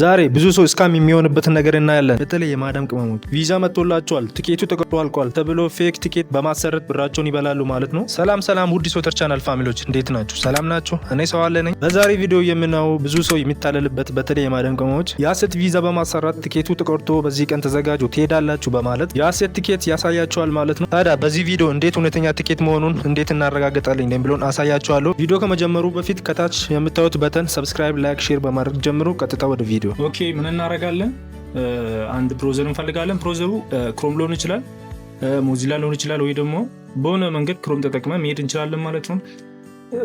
ዛሬ ብዙ ሰው እስካም የሚሆንበትን ነገር እናያለን። በተለይ የማዳም ቅመሞች ቪዛ መጥቶላቸዋል፣ ትኬቱ ተቆርጦ አልቋል ተብሎ ፌክ ቲኬት በማሰረት ብራቸውን ይበላሉ ማለት ነው። ሰላም ሰላም፣ ውድ ሶተር ቻናል ፋሚሊዎች እንዴት ናችሁ? ሰላም ናቸው። እኔ ሰው አለ ነኝ። በዛሬ ቪዲዮ የምናየው ብዙ ሰው የሚታለልበት በተለይ የማዳም ቅመሞች የሀሰት ቪዛ በማሰራት ትኬቱ ተቆርጦ በዚህ ቀን ተዘጋጁ ትሄዳላችሁ በማለት የአሴት ቲኬት ያሳያቸዋል ማለት ነው። ታዲያ በዚህ ቪዲዮ እንዴት እውነተኛ ቲኬት መሆኑን እንዴት እናረጋግጣለን ብሎን አሳያቸዋለሁ። ቪዲዮ ከመጀመሩ በፊት ከታች የምታዩት በተን ሰብስክራይብ፣ ላይክ፣ ሼር በማድረግ ጀምሮ ቀጥታ ወደ ቪዲዮ ቪዲዮ ኦኬ ምን እናደርጋለን? አንድ ብሮዘር እንፈልጋለን። ብሮዘሩ ክሮም ሊሆን ይችላል፣ ሞዚላ ሊሆን ይችላል፣ ወይ ደግሞ በሆነ መንገድ ክሮም ተጠቅመን መሄድ እንችላለን ማለት ነው።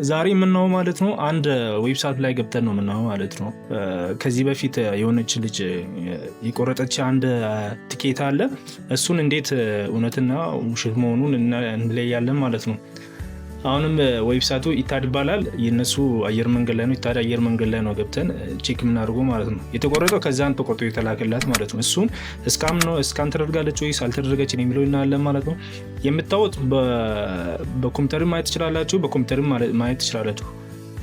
ዛሬ የምናየው ማለት ነው አንድ ዌብሳይት ላይ ገብተን ነው የምናየው ማለት ነው። ከዚህ በፊት የሆነች ልጅ የቆረጠች አንድ ትኬት አለ። እሱን እንዴት እውነትና ውሸት መሆኑን እንለያለን ማለት ነው። አሁንም ዌብሳይቱ ኢታድ ይባላል። የነሱ አየር መንገድ ላይ ነው። ኢታድ አየር መንገድ ላይ ነው ገብተን ቼክ የምናደርገው ማለት ነው። የተቆረጠው ከዛን ተቆርጦ የተላከላት ማለት ነው። እሱም እስካም ነው እስካን ተደርጋለች ወይስ አልተደረገችን የሚለው እናያለን ማለት ነው። የምታወጥ በኮምፒውተር ማየት ትችላላችሁ፣ በኮምፒውተር ማየት ትችላላችሁ።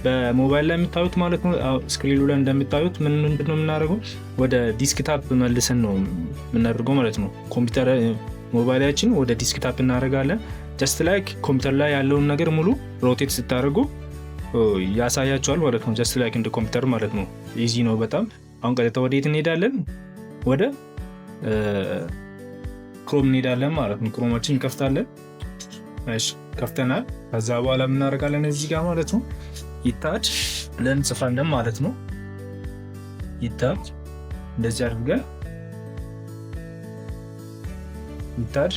በሞባይል ላይ የምታዩት ማለት ነው። ስክሪኑ ላይ እንደምታዩት ምን ምንድን ነው የምናደርገው ወደ ዲስክታፕ መልሰን ነው የምናደርገው ማለት ነው። ኮምፒውተር ሞባይላችን ወደ ዲስክታፕ እናደርጋለን። ጀስት ላይክ ኮምፒውተር ላይ ያለውን ነገር ሙሉ ሮቴት ስታደርጉ ያሳያቸዋል ማለት ነው። ጀስት ላይክ እንደ ኮምፒውተር ማለት ነው። ኢዚ ነው በጣም። አሁን ቀጥታ ወደ የት እንሄዳለን? ወደ ክሮም እንሄዳለን ማለት ነው። ክሮማችን እንከፍታለን። እሺ ከፍተናል። ከዛ በኋላ የምናደርጋለን እዚህ ጋር ማለት ነው ይታች ብለን ማለት ነው ይታች እንደዚህ አድርገን ይታች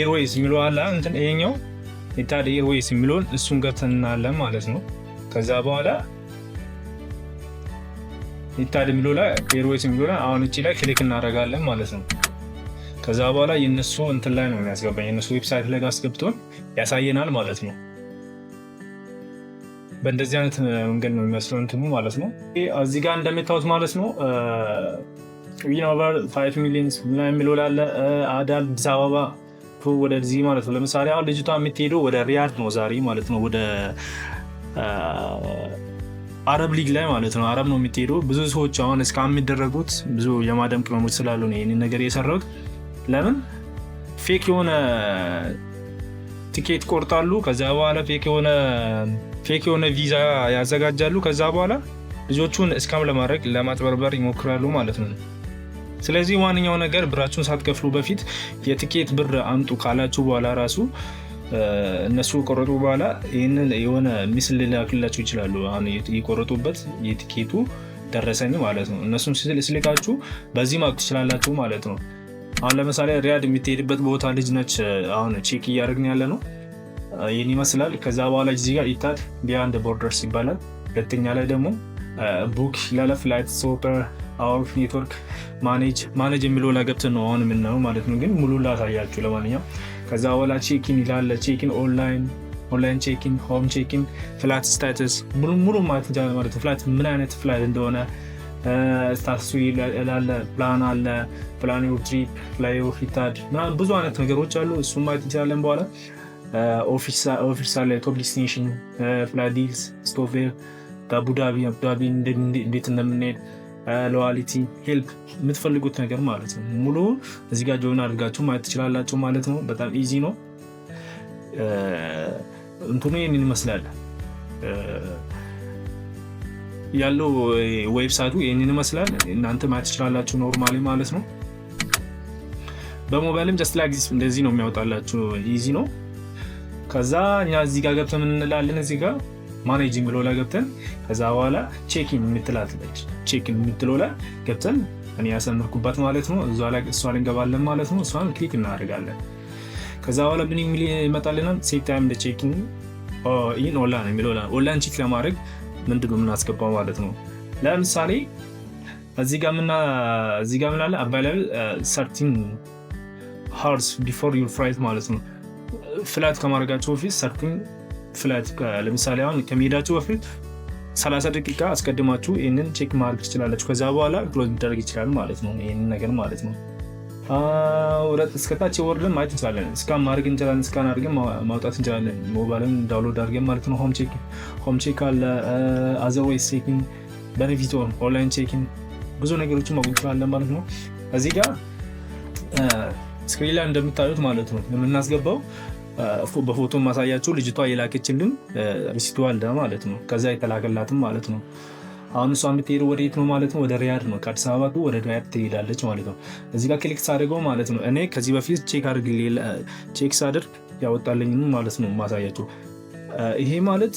ኤርዌይስ የሚለው አለ እንትን ይሄኛው ኢታድ ኤርዌይስ የሚለውን እሱን ገብተን እናያለን ማለት ነው። ከዛ በኋላ ኢታድ የሚለው ላይ ኤርዌይስ የሚለው ላይ አሁን እጭ ላይ ክሊክ እናደርጋለን ማለት ነው። ከዛ በኋላ የነሱ እንትን ላይ ነው የሚያስገባኝ የነሱ ዌብሳይት ላይ አስገብቶን ያሳየናል ማለት ነው። በእንደዚህ አይነት መንገድ ነው የሚመስለው እንትኑ ማለት ነው። እዚህ ጋር እንደሚታወት ማለት ነው ዊን ኦቨር ፋይቭ ሚሊዮን የሚለው ላይ አዳል አዲስ አበባ ወደዚህ ማለት ነው። ለምሳሌ አሁን ልጅቷ የምትሄደው ወደ ሪያድ ነው ዛሬ ማለት ነው፣ ወደ አረብ ሊግ ላይ ማለት ነው። አረብ ነው የምትሄደው። ብዙ ሰዎች አሁን እስከ የሚደረጉት ብዙ የማደም ቅመሞች ስላሉ ነው ይህንን ነገር የሰራሁት። ለምን ፌክ የሆነ ቲኬት ቆርጣሉ። ከዛ በኋላ ፌክ የሆነ ፌክ የሆነ ቪዛ ያዘጋጃሉ። ከዛ በኋላ ልጆቹን እስካም ለማድረግ ለማጥበርበር ይሞክራሉ ማለት ነው። ስለዚህ ዋነኛው ነገር ብራችሁን ሳትከፍሉ በፊት የትኬት ብር አምጡ ካላችሁ በኋላ ራሱ እነሱ ቆረጡ በኋላ ይህንን የሆነ ምስል ሊላክላችሁ ይችላሉ። የቆረጡበት የትኬቱ ደረሰኝ ማለት ነው። እነሱም ስልካችሁ በዚህ ማወቅ ትችላላችሁ ማለት ነው። አሁን ለምሳሌ ሪያድ የምትሄድበት ቦታ ልጅ ነች። አሁን ቼክ እያደረግን ያለ ነው። ይህን ይመስላል። ከዛ በኋላ እዚህ ጋር ኢታድ ቢያንድ ቦርደርስ ይባላል። ሁለተኛ ላይ ደግሞ ቡክ ለለፍ ላይት ሶፐር አወር ኔትወርክ ማኔጅ ማኔጅ የሚለው ላይ ገብተን ነው አሁን የምናየው ማለት ነው። ግን ሙሉ ላሳያችሁ ለማንኛውም ከዛ በኋላ ቼኪን ይላለ ቼኪን ኦንላይን ኦንላይን ቼኪን፣ ሆም ቼኪን፣ ፍላት ስታትስ ሙሉ ማለት እንችላለን ማለት ነው። ፍላት ምን አይነት ፍላት እንደሆነ ስታሱ ላለ ፕላን አለ ፕላን ዮር ትሪፕ ፍላይ ላይ ሂታድ ብዙ አይነት ነገሮች አሉ። እሱም ማየት እንችላለን በኋላ ኦፊስ አለ ቶፕ ዲስቲኔሽን ፍላት ዲልስ ስቶቬር በአቡዳቢ አቡዳቢ እንዴት እንደምንሄድ ሎያሊቲ ሄልፕ የምትፈልጉት ነገር ማለት ነው። ሙሉ እዚህ ጋር ጆይን አድርጋችሁ ማየት ትችላላችሁ ማለት ነው። በጣም ኢዚ ነው። እንትኑ ይህንን ይመስላል ያለው ዌብሳይቱ ይህንን ይመስላል። እናንተ ማየት ትችላላችሁ ኖርማሊ ማለት ነው። በሞባይልም ጀስት ላይክ ዚስ እንደዚህ ነው የሚያወጣላችሁ። ኢዚ ነው። ከዛ እኛ እዚህ ጋር ገብተን ምን እንላለን እዚህ ጋር ማኔጂንግ ሎላ ገብተን ከዛ በኋላ ቼኪን የምትላትለች ቼኪን የምትለው ላይ ገብተን እኔ ያሰመርኩባት ማለት ነው። እሷ ላይ እንገባለን ማለት ነው። እሷን ክሊክ እናደርጋለን። ከዛ በኋላ ምን የሚል ይመጣልናል? ሴት ታይም ደ ቼኪን ይህን ኦንላይን የሚለው ኦንላይን ቼክ ለማድረግ ምንድን ነው የምናስገባው ማለት ነው። ለምሳሌ እዚህ ጋር ምናለ አቫይላብል ሰርቲን ሃርስ ቢፎር ዩር ፍላይት ማለት ነው። ፍላይት ከማድረጋቸው በፊት ሰርቲን ፍላት ለምሳሌ አሁን ከመሄዳችሁ በፊት 30 ደቂቃ አስቀድማችሁ ይህንን ቼክ ማድረግ ትችላላችሁ። ከዛ በኋላ ክሎዝ ሊደረግ ይችላል ማለት ነው። ይህንን ነገር ማለት ነው። ወረጥ እስከታች የወርደን ማየት እንችላለን። እስካን ማድረግ እንችላለን። እስካን አድርገን ማውጣት እንችላለን። ሞባይልን ዳውንሎድ አድርገን ማለት ነው። ሆም ቼክ አለ፣ አዘርዌይስ ቼኪን፣ በነቪቶን ኦንላይን ቼኪን፣ ብዙ ነገሮችን ማወቅ እንችላለን ማለት ነው። እዚህ ጋር ስክሪን ላይ እንደምታዩት ማለት ነው የምናስገባው Uh, በፎቶ ማሳያቸው ልጅቷ የላከችልን uh, ሪሲቷ አለ ማለት ነው። ከዚያ የተላከላትም ማለት ነው። አሁን እሷ የምትሄደው ወደ የት ነው ማለት ነው? ወደ ሪያድ ነው። ከአዲስ አበባ ወደ ሪያድ ትሄዳለች ማለት ነው። እዚህ ጋር ክሊክ ሳደርገው ማለት ነው እኔ ከዚህ በፊት ቼክ አድርግ ቼክ ሳደርግ ያወጣለኝ ማለት ነው ማሳያቸው። uh, ይሄ ማለት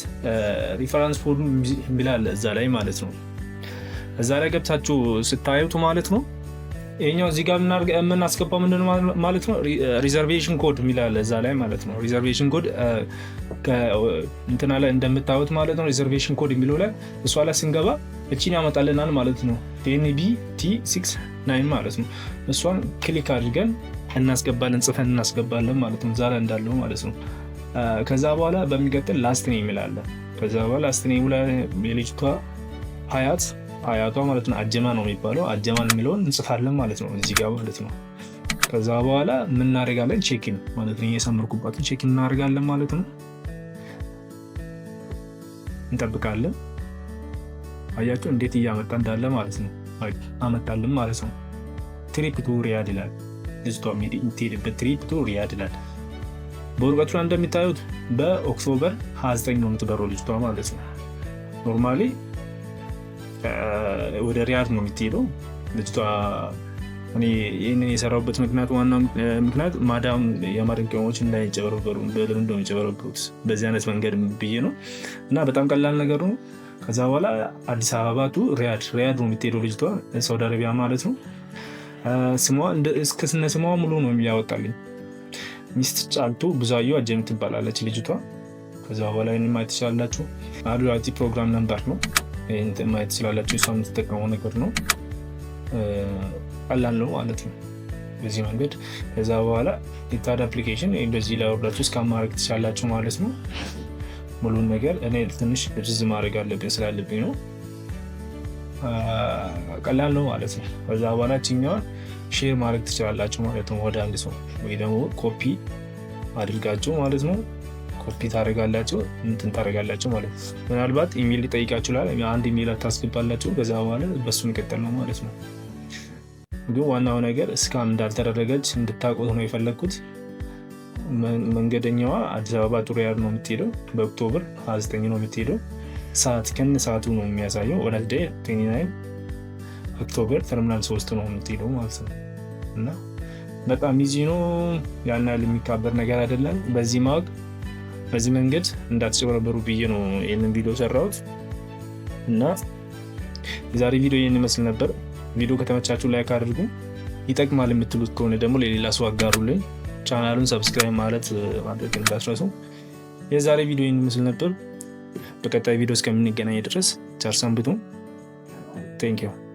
ሪፈራንስ ፎርም የሚላል እዛ ላይ ማለት ነው። እዛ ላይ ገብታችሁ ስታዩት ማለት ነው ይሄኛው እዚህ ጋር የምናስገባው ምንድን ማለት ነው? ሪዘርቬሽን ኮድ የሚላለ እዛ ላይ ማለት ነው። ሪዘርቬሽን ኮድ እንትና ላይ እንደምታዩት ማለት ነው። ሪዘርቬሽን ኮድ የሚለው ላይ እሷ ላይ ስንገባ እችን ያመጣልናል ማለት ነው። ኤንቢ ቲ ማለት ነው። እሷን ክሊክ አድርገን እናስገባለን፣ ጽፈን እናስገባለን ማለት ነው። እዛ ላይ እንዳለው ማለት ነው። ከዛ በኋላ በሚቀጥል ላስት ኔም ይላለ። ከዛ በኋላ ላስት ኔም ላይ የልጅቷ ሀያት አያቷ ማለት ነው። አጀማ ነው የሚባለው። አጀማን የሚለውን እንጽፋለን ማለት ነው እዚህ ጋር ማለት ነው። ከዛ በኋላ ምናደርጋለን ቼኪን ማለት ነው። የሰመርኩባትን ቼኪን እናደርጋለን ማለት ነው። እንጠብቃለን። አያቸው እንዴት እያመጣ እንዳለ ማለት ነው። አመጣልን ማለት ነው። ትሪፕ ቱ ሪያድ ይላል። ልጅቷ የምትሄድበት ትሪፕ ቱ ሪያድ ይላል። በወረቀቱ እንደሚታዩት በኦክቶበር 29 ነው የምትበረው ልጅቷ ማለት ነው ኖርማሊ ወደ ሪያድ ነው የምትሄደው ልጅቷ። እኔ ይህንን የሰራሁበት ምክንያት ዋና ምክንያት ማዳም የአማርን ቅመሞች እንዳይጨበረበሩ በልምድ ነው በዚህ አይነት መንገድ ብዬ ነው። እና በጣም ቀላል ነገር ነው። ከዛ በኋላ አዲስ አበባ ቱ ሪያድ ሪያድ ነው የምትሄደው ልጅቷ፣ ሳውዲ አረቢያ ማለት ነው። እስከ ስነ ስሟ ሙሉ ነው የሚያወጣልኝ። ሚስት ጫልቱ ብዙአየሁ አጀም ትባላለች ልጅቷ። ከዛ በኋላ ማየት ትችላላችሁ። አዱራቲ ፕሮግራም ነበር ነው ይህን ማየት ስላላቸው እሷ የምትጠቀመው ነገር ነው። ቀላል ነው ማለት ነው። በዚህ መንገድ ከዛ በኋላ የታድ አፕሊኬሽን እንደዚህ ላወርዳችሁ እስከ ማድረግ ትችላላቸው ማለት ነው። ሙሉን ነገር እኔ ትንሽ ርዝ ማድረግ አለብኝ ስላለብኝ ነው። ቀላል ነው ማለት ነው። ከዛ በኋላ ችኛዋን ሼር ማድረግ ትችላላቸው ማለት ነው። ወደ አንድ ሰው ወይ ደግሞ ኮፒ አድርጋቸው ማለት ነው። ኮፒ ታደረጋላቸው እንትን ታደረጋላቸው ማለት ነው። ምናልባት ኢሜል ሊጠይቃችሁ ይችላል። አንድ ኢሜል ታስገባላቸው። ከዛ በኋላ በሱ መቀጠል ነው ማለት ነው። ግን ዋናው ነገር እስካም እንዳልተደረገች እንድታቆት ነው የፈለግኩት። መንገደኛዋ አዲስ አበባ ጡሪያር ነው የምትሄደው። በኦክቶብር 29 ነው የምትሄደው። ሰዓት ከን ሰዓቱ ነው የሚያሳየው። ሁለት ደ ኦክቶበር ተርሚናል ሶስት ነው የምትሄደው ማለት ነው። እና በጣም ይዚ ነው ያን የሚካበር ነገር አይደለም። በዚህ ማወቅ በዚህ መንገድ እንዳትጭበረበሩ ብዬ ነው ይህንን ቪዲዮ ሰራሁት እና የዛሬ ቪዲዮ ይህን ይመስል ነበር። ቪዲዮ ከተመቻችሁ ላይክ አድርጉ። ይጠቅማል የምትሉት ከሆነ ደግሞ ለሌላ ሰው አጋሩልኝ። ቻናሉን ሰብስክራይብ ማለት ማድረግ እንዳትረሱ። የዛሬ ቪዲዮ ይህን ይመስል ነበር። በቀጣይ ቪዲዮ እስከምንገናኝ ድረስ ቸር ሰንብቱ። ዩ